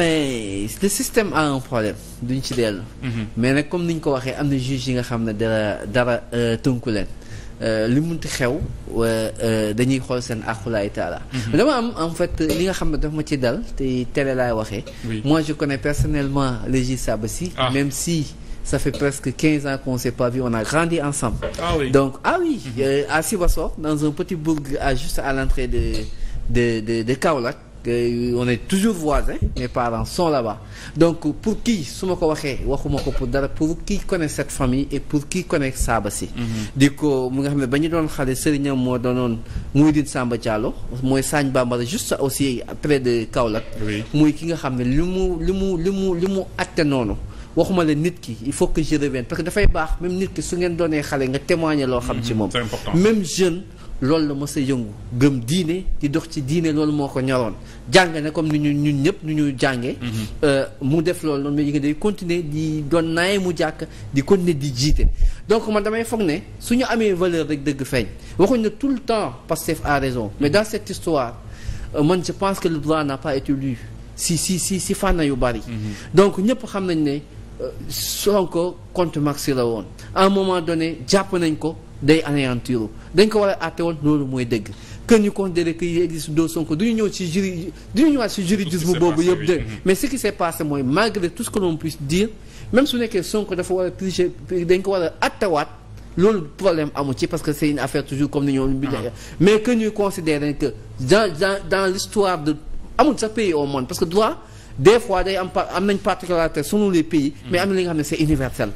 ben le système a un problème duñ ci dellu. Mhm. mais nag comme ni ñu ko waxee am na juge yi nga xam ne dara dara euh, tënku leen euh, li munti xew euh, dañuy xool seen àqulaay taala. Mhm. dama am en fait li nga xam ne daf ma ci dal te télé laay waxee. moi je connais personnellement Léegi Sabassi. Ah. même si. ça fait presque quinze ans qu'on s'est pas on a grandi ensemble. ah oui donc ah oui. Mhm. Euh, à Sibassor dans un petit bourg à juste à l'entrée de de de de on toujours voisins mes parents sont là-bas donc pour qui su ma ko waxee waxuma ko pour dara pour qui connaît cette famille et pour qui connaît Saba si mhm. di ko mu nga xam ne ba ñu doon xale sëriñam moo doonoon Mouhidine Samba Diallo mooy Sagne Bambara juste aussi près de Kaolack muy ki nga xam ne li mu li mu li mu li noonu waxuma la nit ki il faut que je revienne parce que dafay baax même nit ki su ngeen doonee xale nga témoigner loo xam ci mhm. moom même jeune loolu la mos a yëngu gëm diine di dox ci diine loolu moo ko ñoroon jàng na comme ni ñu ñun ñëpp nu ñu jàngee. Mhm. Euh, mu def loolu noonu mais ñu ngi day continuer di doon naay mu jàkk di continuer di jiite. donc man damay foog ne su ñu amee valeur rek dëgg feeñ waxuñ ne tout le temps Pastef a raison mais mhm. dans cette histoire euh, man je pense que le droit n'a pas si si si si fànn yu bari. Mhm. donc ñëpp xam nañ ne euh, soo ko contre Macky la woon à un moment donné jàpp nañ ko. day anéantir dañ ko war a àtte woon loolu mooy dëgg que ñu considérer que il existe ñëw ci juri du ñu ñëwaat ci juridisme boobu yëpp mais ce qui s'est passé mooy malgré tout ce que l'on puisse nekkee Sonko dafa ko war a àttewaat loolu problème amu ci parce que c'est une affaire toujours comme ni ñoom bi mais que ñuy considérer que dans dans dans l'histoire de amul sax pays au monde parce que droit des fois day am am nañ particularité selon les pays mm. mais am na li nga xam ne c'est universel